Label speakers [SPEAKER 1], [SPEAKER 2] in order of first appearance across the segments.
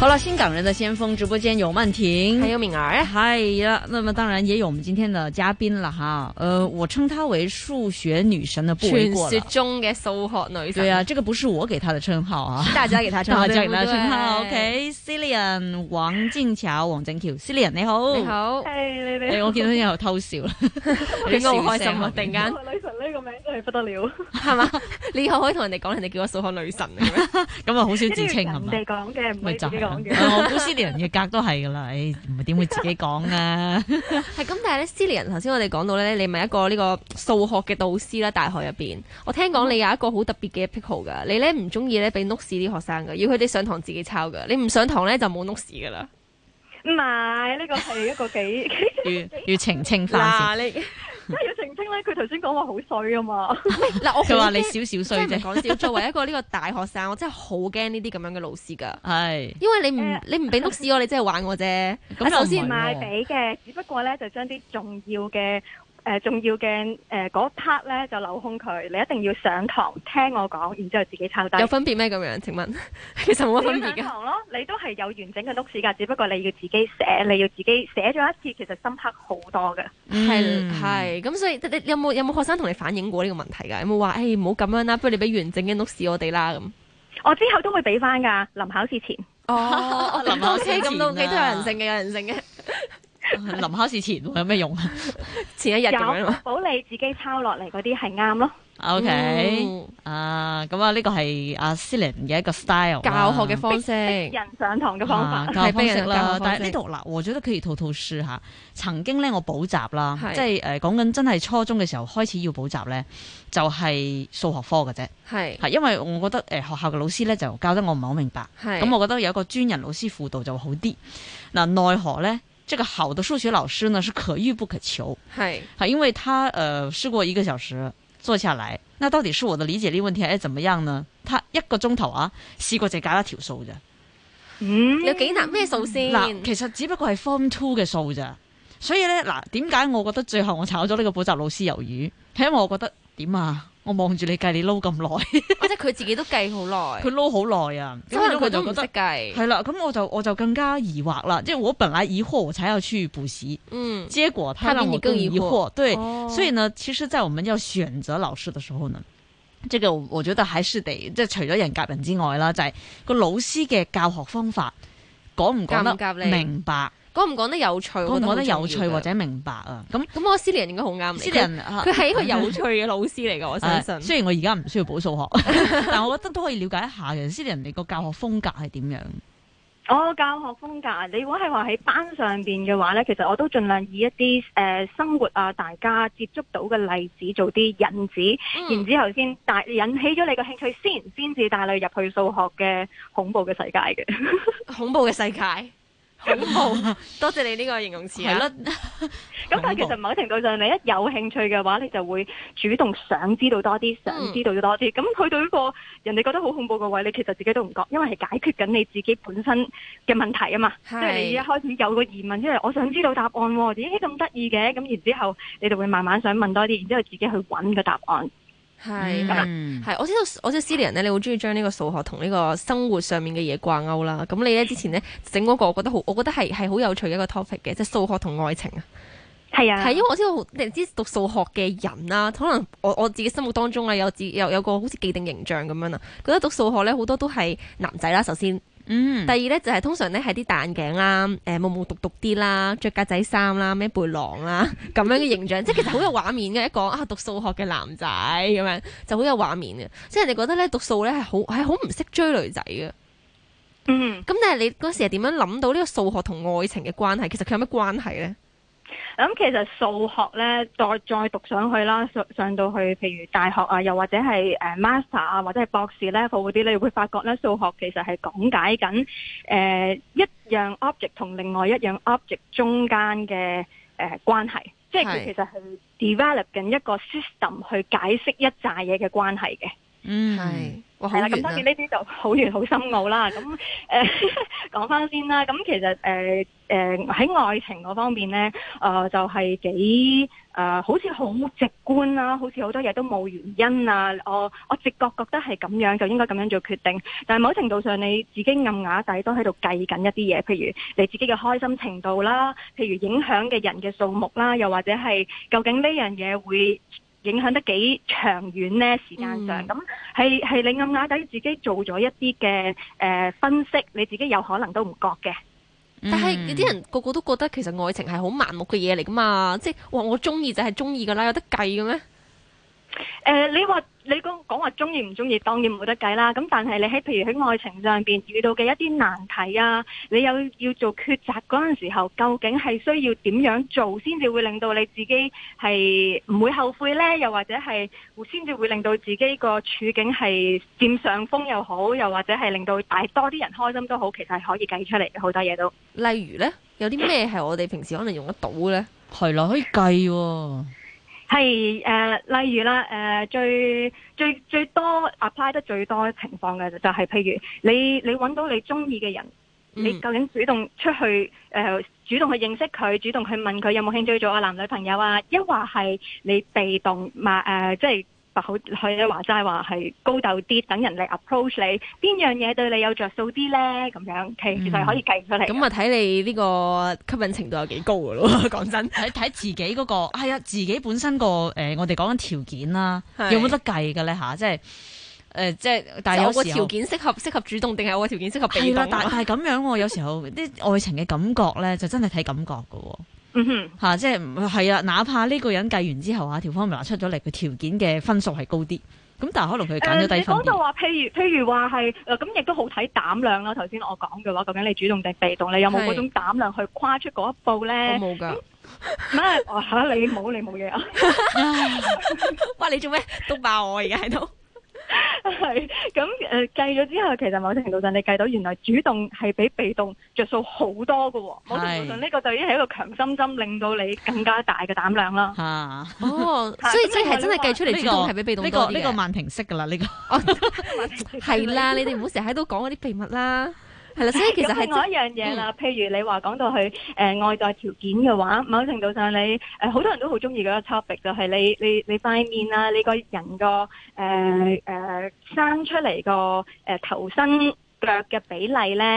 [SPEAKER 1] 好啦，新港人的先鋒直播間有曼婷，還有敏兒，哎，嗨呀，那麼當然也有我們今天的嘉賓了哈，呃，我稱她為數學女神的不為過。傳說
[SPEAKER 2] 中嘅數學女神。對啊，
[SPEAKER 1] 這個不是我給她的稱號啊，大家給她稱號，大家給她稱號。
[SPEAKER 2] OK，Cillian
[SPEAKER 1] 王靖喬，王靖喬，Cillian 你好。你好。
[SPEAKER 2] 你哋。我見到你又
[SPEAKER 1] 偷笑啦，
[SPEAKER 3] 點解咁開心啊？突然間。女神呢個名真係不得了。
[SPEAKER 2] 係嘛？你可唔可以同人哋講，人哋叫我數學女神咁啊，好少自稱咁啊。人哋講嘅唔 呃、我估斯
[SPEAKER 1] 利嘅格都係噶啦，唉、哎，唔係，點會自己講啊？
[SPEAKER 2] 係 咁， 但係咧，斯利人頭先我哋講到咧，你咪一個呢個數學嘅導師啦，大學入邊，我聽講你有一個好特別嘅 p i c 癖好噶，你咧唔中意咧俾 notes 啲學生噶，要佢哋上堂自己抄噶，你唔上堂咧就冇 notes
[SPEAKER 3] 噶啦。唔係，呢個係一個幾越越
[SPEAKER 2] 澄清化。
[SPEAKER 3] 即係要澄清咧，佢頭先講話好衰啊嘛。嗱， 我佢話你
[SPEAKER 1] 少少衰啫。講笑，
[SPEAKER 2] 作為一個呢個大學生，我真係好驚呢啲咁樣嘅老師噶。係， 因為你唔、呃、你唔俾篤屎我， 你真係玩我啫。咁、啊、首先唔係俾
[SPEAKER 3] 嘅，只不過咧就將啲重要嘅。誒，重要嘅誒嗰 part 咧就留空佢，你一定要上堂聽我講，然之後自己抄低。有分別咩咁樣？請問，其實冇分別 咯，你都係有完整嘅碌屎噶，只不過你要自己寫，你要自己寫咗一次，其實深刻好多嘅。
[SPEAKER 2] 係係、嗯，咁所以你有冇有冇學生同你反映過呢個問題噶？有冇話誒唔好咁樣啦，不如你俾完整嘅碌屎我哋啦咁。 我之後都會俾翻噶，臨考試前。哦，臨考試前咁 都幾有人
[SPEAKER 3] 性嘅，有人性嘅。
[SPEAKER 1] 臨 考試前會有咩用啊？
[SPEAKER 3] 前一日，有保你自己抄落嚟嗰啲係啱咯。O Okay , K、嗯、
[SPEAKER 1] 啊，咁啊呢個係阿 Celine 嘅一個 style 教學嘅方式，人上
[SPEAKER 3] 堂嘅方
[SPEAKER 1] 法、啊、教方式啦。式但係呢度嗱，我覺得可以吐吐書吓。曾經咧我補習啦，是即係誒講緊真係初中嘅時候開始要補習咧，就係、是、數學科嘅啫。係是，因為我覺得誒、呃、學校嘅老師咧就教得我唔係好明白。係是，咁我覺得有一個專人老師輔導就好啲。嗱、呃，奈何咧？這個好的數學老師呢，是可遇不可求。係啊是，因為他，誒、呃、試過一個小時做下來，那到底是我的理解力問題，還是怎麼樣啦？他一個鐘頭啊，試過就教一條數咋？
[SPEAKER 2] 有幾難
[SPEAKER 1] 咩數先？嗱，其實只不過係 form two 嘅數咋，所以呢，嗱，點解我覺得最後我炒咗呢個補習老師魷魚？係因為我覺得點啊？我望住你計，你撈咁耐，
[SPEAKER 2] 即係佢自己都計好耐。佢
[SPEAKER 1] 撈好耐啊，所以佢就唔識計。
[SPEAKER 2] 係啦，咁我就我就更
[SPEAKER 1] 加疑惑啦，即係我本來疑惑，我才要去補習。嗯，結果他讓我更疑惑。哦、對，所以呢，其實，在我們要選擇老師嘅時候呢，即、哦、個我覺得喺書地，即係除咗人夾人之外啦，就係、是、個老師嘅教學方法，講
[SPEAKER 2] 唔講得合合明白。講唔講得有趣？講唔講得有趣
[SPEAKER 1] 或者明白啊？
[SPEAKER 2] 咁咁，阿斯里人應該好啱。斯里人佢係一個有趣嘅老師嚟噶， 我相信。
[SPEAKER 1] 雖然我而家唔需要補數學， 但我覺得都可以了解一下 斯人斯里人哋個教學風格係點樣。
[SPEAKER 3] 我、哦、教學風格，你如果係話喺班上邊嘅話咧，其實我都盡量以一啲誒、呃、生活啊，大家接觸到嘅例子做啲引子，嗯、然之後先帶引起咗你嘅興趣先，先至帶你入去數學嘅恐怖嘅世界嘅恐怖嘅世界。
[SPEAKER 2] 恐怖， 多謝你呢個形容詞 Okay. 怖。係咯，
[SPEAKER 3] 咁但係其實某程度上，你一有興趣嘅話，你就會主動想知道多啲，想知道多啲。咁佢對呢個人哋覺得好恐怖嘅位，你其實自己都唔覺，因為係解決緊你自己本身嘅問題啊嘛。是即係你一開始有個疑問因為，我想知道答案。點解咁得意嘅？咁然之後你就會慢慢想問多啲，然之後自己去揾個答案。係，咁啊，係、嗯、我知道，我
[SPEAKER 2] 知道 Cillian 咧，你好中意將呢個數學同呢個生活上面嘅嘢掛鈎啦。咁你咧之前咧整嗰個我，我覺得好，我覺得係係好有趣嘅一個 topic 嘅，即係數學同愛情啊。係啊的，係因為我知道你知道讀數學嘅人啦、啊，可能我我自己心目當中啊，有自有有個好似既定形象咁樣啊，覺得讀數學咧好多都係男仔啦，首先。嗯，第二咧就係、是、通常咧係啲戴眼鏡啦，誒、呃，毛毛毒毒啲啦，着格仔衫啦，孭背囊啦，咁 樣嘅形象， 即係其實好有畫面嘅一講啊，讀數學嘅男仔咁樣就好有畫面嘅，即係人哋覺得咧讀數咧係好係好唔識追女仔嘅。嗯，咁但係你嗰時係點樣諗到呢
[SPEAKER 3] 個數學同愛情嘅關係？其實佢有咩關係咧？咁其實數學咧，再再讀上去啦，上上到去譬如大學啊，又或者係誒、呃、Master 啊，或者係博士咧，好啲你會發覺咧，數學其實係講解緊誒、呃、一樣 object 同另外一樣 object 中間嘅誒、呃、關係，即係佢其實係 develop 緊一個 system 去解釋一紮嘢嘅關係嘅。嗯，係係啦，咁當然呢啲就好遠好深奧啦。咁是誒，講翻先啦。咁是遠、啊、其實誒誒喺愛情嗰方面咧，誒、呃、就係幾誒，好似好直觀啦，好似好多嘢都冇原因啊。我我直覺覺得係咁樣就應該咁樣做決定，但係某程度上你自己暗啞底都喺度計緊一啲嘢，譬如你自己嘅開心程度啦，譬如影響嘅人嘅數目啦，又或者係究竟呢樣嘢會。影響得幾長遠呢？時間上，咁係係你暗啞底自己做咗一啲嘅誒分析，你自己有可能都唔覺嘅。
[SPEAKER 2] 但係有啲人個個都覺得其實愛情係好盲目嘅嘢嚟㗎嘛，即係話我中意
[SPEAKER 3] 就係中意㗎啦，有得計嘅咩？誒，你話。你講講話中意唔中意，當然冇得計啦。咁但係你喺譬如喺愛情上邊遇到嘅一啲難題啊，你有要做抉擇嗰陣時候，究竟係需要點樣做先至會令到你自己係唔會後悔呢？又或者係先至會令到自己個處境係佔上風又好，又或者係令到大多啲人開心都好，其實係可以計出嚟好多嘢都。例如呢，有啲咩係我
[SPEAKER 2] 哋平時可能用得到呢？係啦， 可以計啊。
[SPEAKER 3] 係誒、呃，例如啦，誒、呃、最最最多 apply 得最多情況嘅就係、是，譬如你你揾到你中意嘅人，嗯、你究竟主動出去誒、呃、主動去認識佢，主動去問佢有冇興趣做我男女朋友啊，抑或係你被動嘛誒、呃，即係。好，佢都話齋話係高竇啲，等人哋 approach 你，邊樣嘢對你有着數啲咧？咁
[SPEAKER 2] 樣其實可以計出嚟。咁啊，睇你呢個吸引程度有幾高噶咯？講 真，睇睇自己嗰、那個，係啊，
[SPEAKER 1] 自己本身、那個誒、呃，我哋講緊條件啦，是有冇得計噶咧？吓、啊，即係誒、呃，
[SPEAKER 2] 即係但係有個條件適合適合主動，定係我嘅條件適合被動、啊、但係
[SPEAKER 1] 咁樣、啊， 有時候啲愛情嘅感覺咧，就真係睇感覺噶、啊。嗯哼，吓、啊、即係係啊，哪怕呢個人計完之後啊，條 formula 出咗嚟，佢條件嘅分數係高啲，咁但係可能佢揀咗低分。誒、嗯，你講
[SPEAKER 3] 話，譬如譬如話係，咁亦都好睇膽量啦。頭先我講嘅話，究竟你主動定被動，你有冇嗰種膽量去跨出嗰一步咧？我冇噶，咩？吓你冇你冇嘢啊？啊 哇！你做咩？督爆我而家喺度。係咁誒，計咗、嗯、之後，其實某程度上你計到，原來主動係比被動着數好多噶。是某程度上呢個就已經係一個強心針，令到你更加大嘅膽量啦。吓、啊、哦， 是所以所以係真係計出嚟，主動係比被動多啲。呢、這個呢、這個
[SPEAKER 1] 文憑試噶啦，呢、這
[SPEAKER 2] 個係、這個、 啦，你哋唔好成日喺度講嗰啲秘密啦。係啦，所以其實另外一樣嘢啦，
[SPEAKER 3] 譬如你話講到去誒外在條件嘅話，某程度上你誒好多人都好鍾意嗰個 topic，就係你你你塊面啊，你個人個誒誒生出嚟個誒頭身，腳嘅比例咧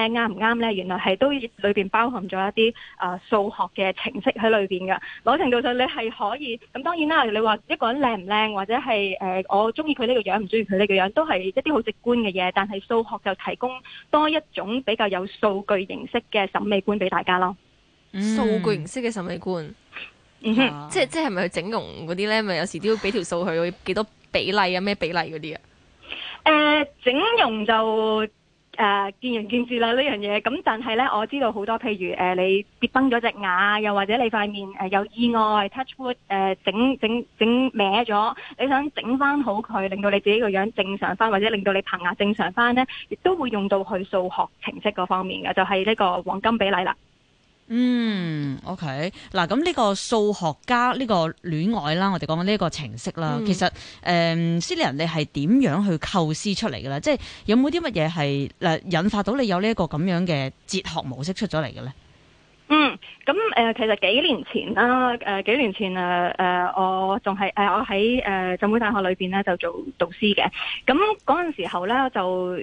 [SPEAKER 3] 啱唔啱咧？原來係都裏邊包含咗一啲誒數學嘅程式喺裏邊㗎。某程度上你係可以咁，當然啦，你話一個人靚唔靚或者係誒、呃、我中意佢呢個樣唔中意佢呢個樣都係一啲好直觀嘅嘢。但係數學就提供多一種比較有數據形式嘅審美觀俾大家咯。數、嗯、據形
[SPEAKER 2] 式嘅審美觀，嗯、哼 即係即係咪去整容嗰啲咧？咪有時都要俾條數佢幾多比例啊？咩比例嗰啲啊？
[SPEAKER 3] 誒、呃，整容就。誒，uh, 見仁見智啦呢樣嘢。咁但係呢，我知道好多，譬如誒、uh, 你跌崩咗隻牙，又或者你塊面誒有意外，touch wood，誒整整整歪咗，你想整翻好佢，令到你自己個樣正常翻，或者令到你棚牙正常翻呢，亦都會用到去數學程式嗰方面嘅，就係、是、呢個黃金比例啦。
[SPEAKER 1] 嗯，OK，嗱，咁呢個數學家呢個戀愛啦，我哋講緊呢一個程式啦，嗯、其實誒 Cillian 你係點樣去構思出嚟嘅咧？即係有冇啲乜嘢係嗱引發到你有呢一個咁樣嘅哲學模式出咗嚟嘅咧？
[SPEAKER 3] 嗯，咁誒、呃，其實幾年前啦，誒、呃，幾年前誒，誒、呃，我仲係誒，我喺誒浸會大學裏邊咧就做導師嘅，咁嗰陣時候咧就。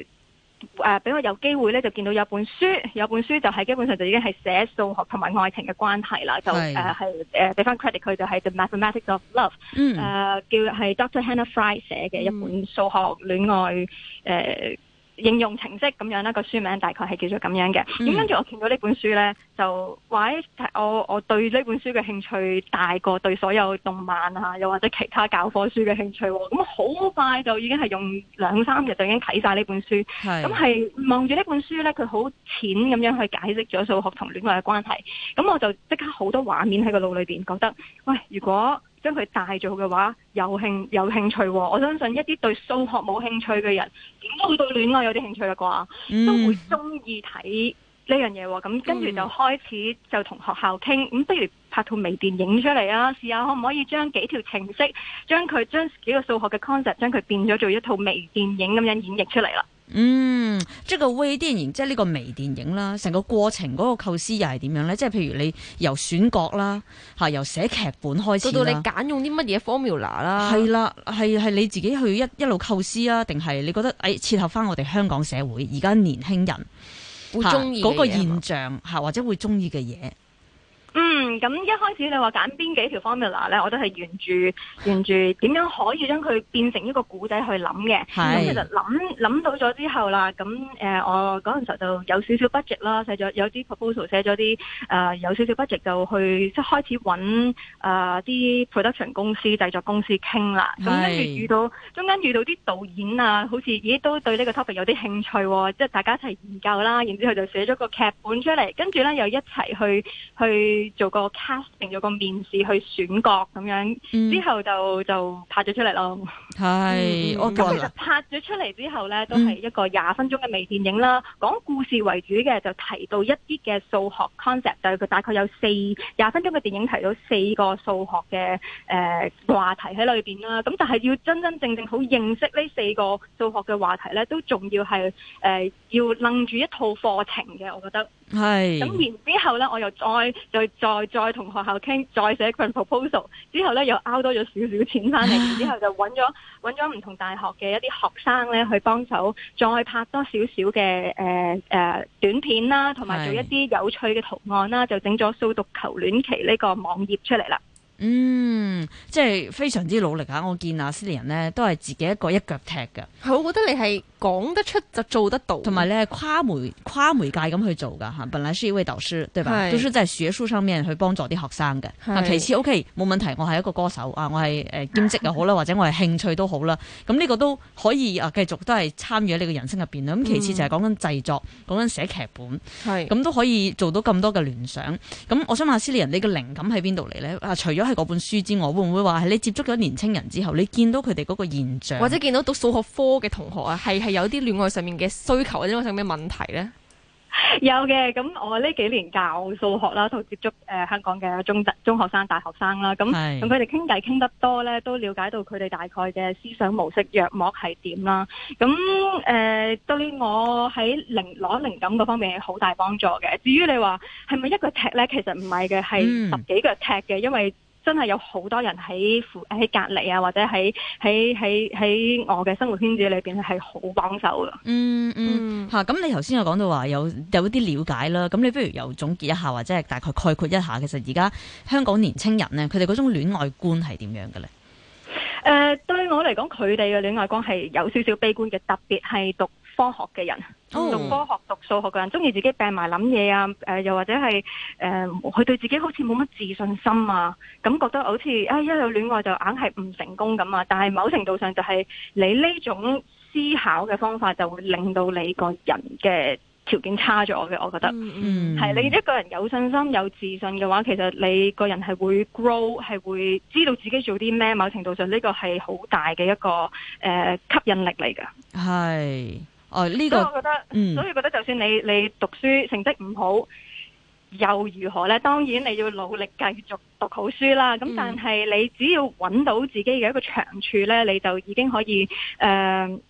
[SPEAKER 3] 誒俾、呃、我有機會咧，就見到有本書，有本書就係基本上就已經係寫數學同埋愛情嘅關係啦。是就誒係、呃、誒俾翻、呃、credit，佢就係 The Mathematics of Love，誒、嗯呃、叫係 Dr. Hannah Fry 寫嘅一本數學戀愛誒。呃應用程式咁樣一個書名，大概係叫做咁樣嘅。咁跟住我見到呢本書呢，就話我我對呢本書嘅興趣大過對所有動漫啊，又或者其他教科書嘅興趣喎。咁好快就已經係用兩三日就已經睇晒呢本書。咁係是望住呢本書呢，佢好淺咁樣去解釋咗數學同戀愛嘅關係。咁我就即刻好多畫面喺個腦裏邊，覺得喂，如果。將佢帶做嘅話有興有興趣，哦，我相信一啲對數學冇興趣嘅人，點都會對戀愛有啲興趣啦啩，都會中意睇呢樣嘢。咁跟住就開始就同學校傾，咁、嗯、不如拍套微電影出嚟啊！試下可唔可以將幾條程式，將佢將幾個數學嘅 concept，將佢變咗做一套微電影咁樣演繹出嚟啦。
[SPEAKER 1] 嗯，即、這、係個微電影，即係呢個微電影啦，成個過程個構思又係點樣咧？即係譬如你由選角啦，吓、啊、由寫劇本開始到你揀用啲乜嘢 formula 啦、啊，係啦，係係你自己去一一路構思啊？定係你覺得誒、哎，切合翻我哋香港社會而家年輕人
[SPEAKER 3] 會中意、啊嗰個現
[SPEAKER 1] 象吓，嗎或者會中意嘅嘢。
[SPEAKER 3] 嗯，咁、嗯、一開始你話揀邊幾條 formula 咧，我都係沿住沿住點樣可以將佢變成一個古仔去諗嘅。咁其實諗諗到咗之後啦，咁、嗯、誒，我嗰陣時候就有少少 budget 啦，寫咗有啲 proposal，寫咗啲誒有少少 budget 就去即係開始揾誒啲 production 公司製作公司傾啦。咁是跟住遇到中間遇到啲導演啊，好似咦都對呢個 topic 有啲興趣，即係大家一齊研究啦。然之後就寫咗個劇本出嚟，跟住咧又一齊去去。去去去去做個 casting 做個面試去選角咁樣，之後就就拍咗出嚟咯。係， 我其實拍咗出嚟之後呢，都係一個廿分鐘嘅微電影啦，講故事為主嘅，就提到一啲嘅數學 concept，就係、是、佢大概有四廿分鐘嘅電影提到四個數學嘅誒、呃、話題喺裏邊啦。咁但係要真真正正好認識呢四個數學嘅話題呢，都仲要係誒、呃、要楞住一套課程嘅，我覺得。
[SPEAKER 1] 係，咁是
[SPEAKER 3] 然之後咧，我又再再再再同學校傾，再寫一份 proposal。之後咧，又 out 多咗少少錢翻嚟。之 後就揾咗揾咗唔同大學嘅一啲學生咧，去幫手再拍多少少嘅誒誒短片啦，同埋做一啲有趣嘅圖案啦，是就整咗《掃讀求戀期》呢個網頁出嚟啦。嗯，
[SPEAKER 1] 即係非常之努力吓，我見阿斯里人咧都係自己一個一腳踢㗎。係，
[SPEAKER 3] 我覺得你係。
[SPEAKER 1] 講得出就做得到，同埋你係跨媒跨媒介咁去做噶吓，本來是一位導師，對吧？係是，都是在學術上面去幫助啲學生嘅。係是，其次 OK 冇問題，我係一個歌手啊，我係誒、呃、兼職又好啦，或者我係興趣都好啦，咁呢、啊、個都可以啊，繼續都係參與你嘅人生入邊啦。咁其次就係講緊製作，講緊寫劇本，
[SPEAKER 2] 係咁
[SPEAKER 1] 都可以做到咁多嘅聯想。咁是我想問下斯利人，你嘅靈感喺邊度嚟咧？啊，除咗係嗰本書之外，會唔會話係你接觸咗年青人之後，你見到佢哋嗰個現象，或者
[SPEAKER 2] 見到讀數學科嘅同學啊，係。有啲戀愛上面嘅需求或者還是咩問題呢？
[SPEAKER 3] 有嘅，咁我呢幾年教數學啦，同接觸誒、呃、香港嘅中中學生、大學生啦，咁咁佢哋傾偈傾得多呢，都了解到佢哋大概嘅思想模式、約莫係點啦。咁誒、呃、對我喺靈攞靈感嗰方面係好大幫助嘅。至於你話係咪一腳踢呢？其實唔係嘅，係、嗯、十幾腳踢嘅，因為。真係有好多人喺喺隔籬啊，或者喺喺喺喺我嘅生活圈子裏邊係好幫手咯。嗯
[SPEAKER 1] 嗯，吓、啊、咁你頭先又講到話有有啲了解啦，咁你不如又總結一下或者係大概概括一下，其實而家香港年青人呢，佢哋嗰種戀愛觀係點樣嘅咧？
[SPEAKER 3] 誒，對我嚟講，佢哋嘅戀愛觀係有少少悲觀嘅，特別係讀。Oh. 科學嘅人讀科學，讀數學嘅人，中意自己病埋諗嘢啊！誒、呃，又或者係誒，佢、呃、對自己好似冇乜自信心啊！咁覺得好似啊、哎，一有戀愛就硬係唔成功咁啊！但係某程度上就係、是、你呢種思考嘅方法，就會令到你個人嘅條件差咗嘅。我覺得，係、mm hmm. 你一個人有信心、有自信嘅話，其實你個人係會 grow，係會知道自己做啲咩。某程度上，呢個係好大嘅一個誒、呃、吸引力嚟㗎。係。
[SPEAKER 1] 呢、哦，這個、嗯、所以我覺得，所以
[SPEAKER 3] 覺得就算你你讀書成績唔好，又如何呢？當然你要努力繼續讀好書啦。咁、嗯、但係你只要揾到自己嘅一個長處呢，你就已經可以誒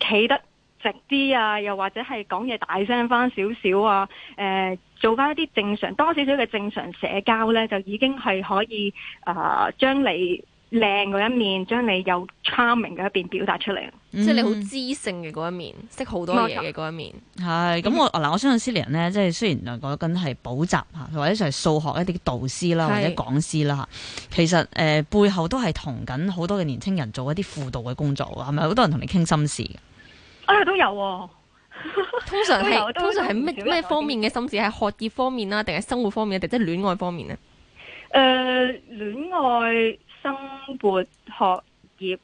[SPEAKER 3] 企、呃、得直啲啊，又或者係講嘢大聲翻少少啊。誒、呃，做翻一啲正常多少少嘅正常社交呢，就已經係可以啊，將、呃、你。靚嗰一面，將你有 charming 嘅一面表達出嚟，嗯、即係你好知
[SPEAKER 2] 性嘅嗰一面，識好多嘢嘅嗰一面
[SPEAKER 1] 係咁。嗯、我嗱，我相信 Cillian 呢，即係雖然講緊係補習吓，或者就係數學一啲導師啦，或者講師啦吓，是其實誒、呃、背後都係同緊好多嘅年青人做一啲輔導嘅工作，係咪好多人同你傾心事
[SPEAKER 2] 嘅、哎？都有、
[SPEAKER 3] 啊、
[SPEAKER 2] 通常係通常係咩咩方面嘅心事？係學業方面啦，定係生活方面，定即係戀愛方面呢？
[SPEAKER 3] 誒，戀愛。生活、學業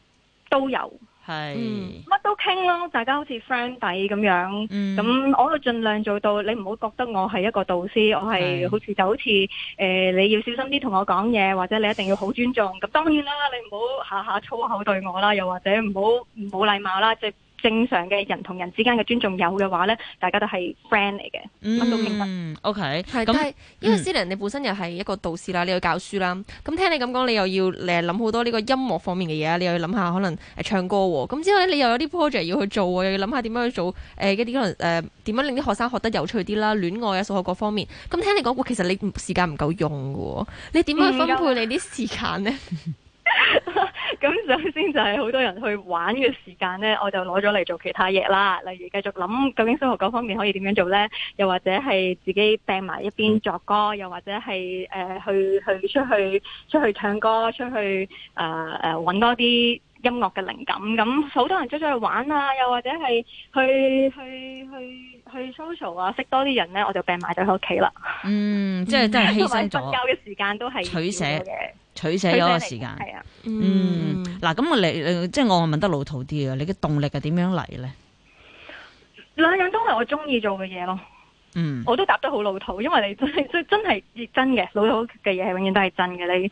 [SPEAKER 3] 都有，係乜是、嗯、都傾咯，大家好似 friend 底咁樣。咁、嗯、我都盡量做到，你唔好覺得我係一個導師，我係好似就好似誒、呃，你要小心啲同我講嘢，或者你一定要好尊重。咁當然啦，你唔好下下粗口對我啦，又或者唔好唔冇禮貌啦，即、即係正常嘅人同人之間嘅尊重有嘅話咧，大家都係 friend 嚟嘅，
[SPEAKER 2] 咁都明白。OK，係咁係，因為思玲、嗯、你本身又係一個導師啦，你要教書啦。咁聽你咁講，你又要誒諗好多呢個音樂方面嘅嘢啊，你又要諗下可能誒唱歌喎。咁之後咧，你又有啲 project 要去做喎，又要諗下點樣去做誒一啲可能誒點樣令啲學生學得有趣啲啦，戀愛啊、數學各方面。咁聽你講過，其實你時間唔夠用嘅喎，你點樣去分配
[SPEAKER 3] 你啲時間咧？嗯嗯嗯咁 首先就係好多人去玩嘅時間呢，我就攞咗嚟做其他嘢啦。例如繼續諗究竟修學嗰方面可以點樣做呢？又或者係自己掟埋一邊作歌，又或者係誒、呃、去去出去出去唱歌，出去誒誒揾多啲音樂嘅靈感。咁好多人出出去玩啊，又或者係去去去去，去 social 啊，識多啲人呢，我就掟埋咗喺屋企啦。
[SPEAKER 1] 嗯，即係真係犧牲咗。同埋瞓覺
[SPEAKER 3] 嘅時間都係取捨嘅。
[SPEAKER 1] 取捨嗰個時間，嗯，嗱、嗯，咁我你，即係我問得老土啲啊，你嘅動力係點樣嚟咧？兩
[SPEAKER 3] 樣都係我中意做嘅嘢咯。嗯，我都答得好老土，因為你真真真係真嘅，老土嘅嘢係永遠都係真嘅。你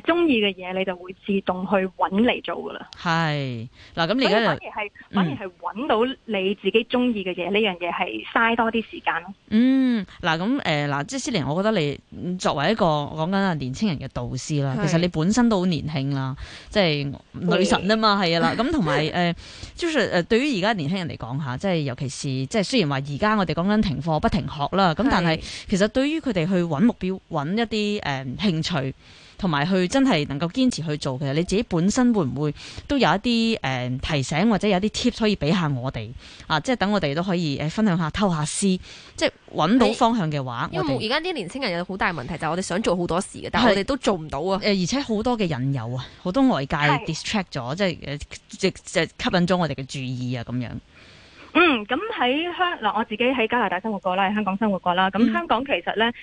[SPEAKER 3] 誒中意嘅嘢，呃、你就會自動去揾嚟做噶啦。
[SPEAKER 1] 係嗱，咁而家反而係、嗯、反而係
[SPEAKER 3] 揾到你自己中意嘅嘢，呢樣嘢係嘥多啲時間咯。
[SPEAKER 1] 嗯，嗱咁誒，嗱、呃、即係思玲，我覺得你作為一個講緊啊年青人嘅導師啦，是其實你本身都好年輕啦，即係女神啊嘛，係啦是。咁同埋誒 j 誒，對於而家年輕人嚟講吓，即係尤其是即係雖然話而家我哋講緊停課不停。同學啦，咁但係其實對於佢哋去揾目標、揾一啲誒、嗯、興趣，同埋去真係能夠堅持去做嘅，你自己本身會唔會都有一啲誒、嗯、提醒或者有啲 tip 可以俾下我哋啊？即係等我哋都可以誒分享下、偷下師，即係是揾到方向嘅話。我哋而
[SPEAKER 2] 家啲年輕人有好大問題，就係、是、我哋想做好多事嘅，但係我哋都
[SPEAKER 1] 做唔到啊！誒，而且好多嘅引誘啊，好多外界 distract 咗，嗯、即係即係吸引咗我哋嘅注意啊，咁樣。
[SPEAKER 3] 嗯，咁喺香嗱，我自己喺加拿大生活過啦，喺香港生活過啦。咁香港其實咧，嗯、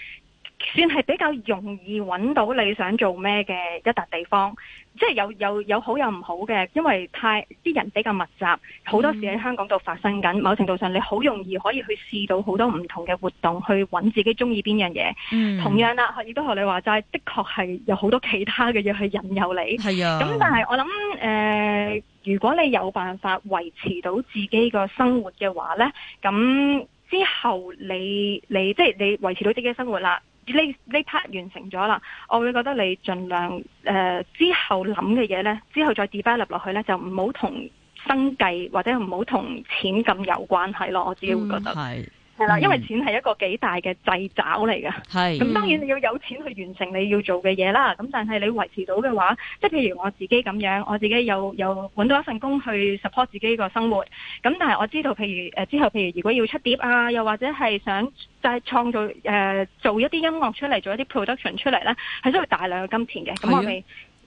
[SPEAKER 3] 算係比較容易揾到你想做咩嘅一笪地方。即係有有有好有唔好嘅，因為太啲人比較密集，好多時喺香港度發生緊。嗯、某程度上，你好容易可以去試到好多唔同嘅活動，去揾自己中意邊樣嘢。嗯、同樣啦，亦都學你話齋，的確係有好多其他嘅嘢去引誘你。係啊呀。咁、嗯、但係我諗誒。呃如果你有辦法維持到自己個生活嘅話呢，咁之後你你即係、就是、你維持到自己嘅生活啦，呢呢 part 完成咗啦，我會覺得你盡量誒、呃、之後諗嘅嘢呢，之後再 develop 落去呢，就唔好同生計或者唔好同錢咁有關係咯，我自己會覺得。嗯係啦，嗯、因為錢係一個幾大嘅掣肘嚟嘅，係，咁、嗯、當然你要有錢去完成你要做嘅嘢啦。咁但係你維持到嘅話，即係譬如我自己咁樣，我自己有有搵到一份工去 support 自己個生活。咁但係我知道，譬如誒、呃、之後，譬如如果要出碟啊，又或者係想再創造誒做一啲音樂出嚟，做一啲 production 出嚟咧，係需要大量嘅金錢嘅。咁、啊、我咪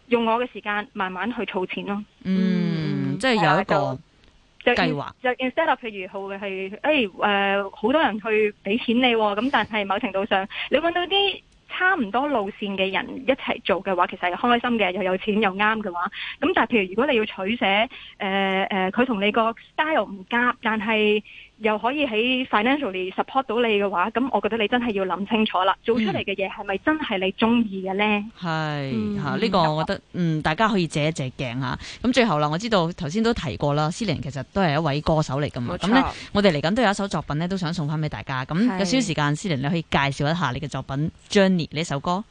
[SPEAKER 3] 用我嘅時間慢慢去儲錢咯。嗯，嗯
[SPEAKER 1] 即係有一個。呃計劃
[SPEAKER 3] 就 instead 啦，譬如好係，誒誒，好多人去畀錢你，咁但係某程度上，你揾到啲差唔多路線嘅人一齊做嘅話，其實係開心嘅，又有錢又啱嘅話，咁但係譬如如果你要取捨，誒誒，佢同你個 style 唔夾，但係。又可以喺 financially support 到你嘅話，咁我覺得你真係要諗清楚啦。做出嚟嘅嘢係咪真係你中意嘅咧？
[SPEAKER 1] 係吓呢個，我覺得嗯，大家可以借一借鏡吓。咁最後啦，我知道頭先都提過啦，詩玲其實都係一位歌手嚟噶嘛。咁咧錯，我哋嚟緊都有一首作品咧，都想送翻俾大家。咁有少少時間，詩玲是你可以介紹一下你嘅作品《Johnny》呢首歌。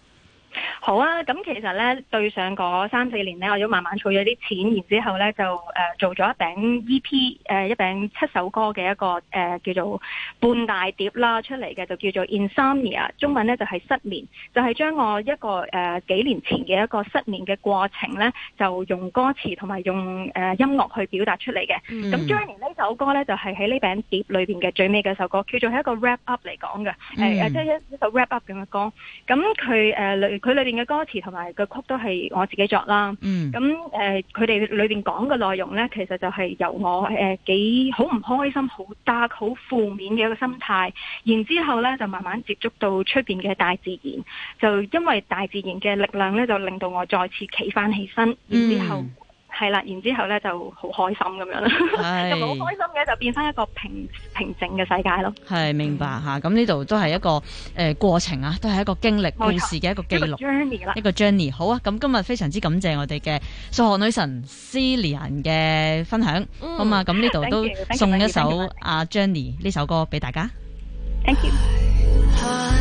[SPEAKER 3] 好啊，咁其實咧對上嗰三四年咧，我已經慢慢儲咗啲錢，然之後咧就誒做咗一餅 EP，誒一餅七首歌嘅一個誒、呃、叫做半大碟啦出嚟嘅，就叫做 Insomnia，中文咧就係、是、失眠，就係、是、將我一個誒、呃、幾年前嘅一個失眠嘅過程咧，就用歌詞同埋用誒音樂去表達出嚟嘅。咁 Johnny 呢首歌咧就係喺呢餅碟裏邊嘅最尾嘅一首歌，叫做係一個 wrap up 嚟講嘅，誒即係一首 wrap up 咁嘅歌。咁佢誒佢裏邊，呃嘅、嗯、歌詞同埋個曲都係我自己作啦，咁誒，佢、呃、哋裏邊講嘅內容呢，其實就係由我誒、呃、幾好唔開心、好大、好負面嘅一個心態，然之後呢就慢慢接觸到出邊嘅大自然，就因為大自然嘅力量呢，就令到我再次企翻起身，然之後、嗯。係啦，然之後咧就好開心咁樣啦，就 好開心嘅，就變翻一個平
[SPEAKER 1] 平靜嘅世界咯。係明白吓，咁呢度都係一個誒、呃、過程啊，都係一個經歷錯故事嘅一個記錄，一個 Journey。好啊，咁今日非常之感謝我哋嘅數學女神 Celine 嘅分享咁、嗯、啊咁呢度都送一首阿 Journey 呢首歌俾大家。Thank you。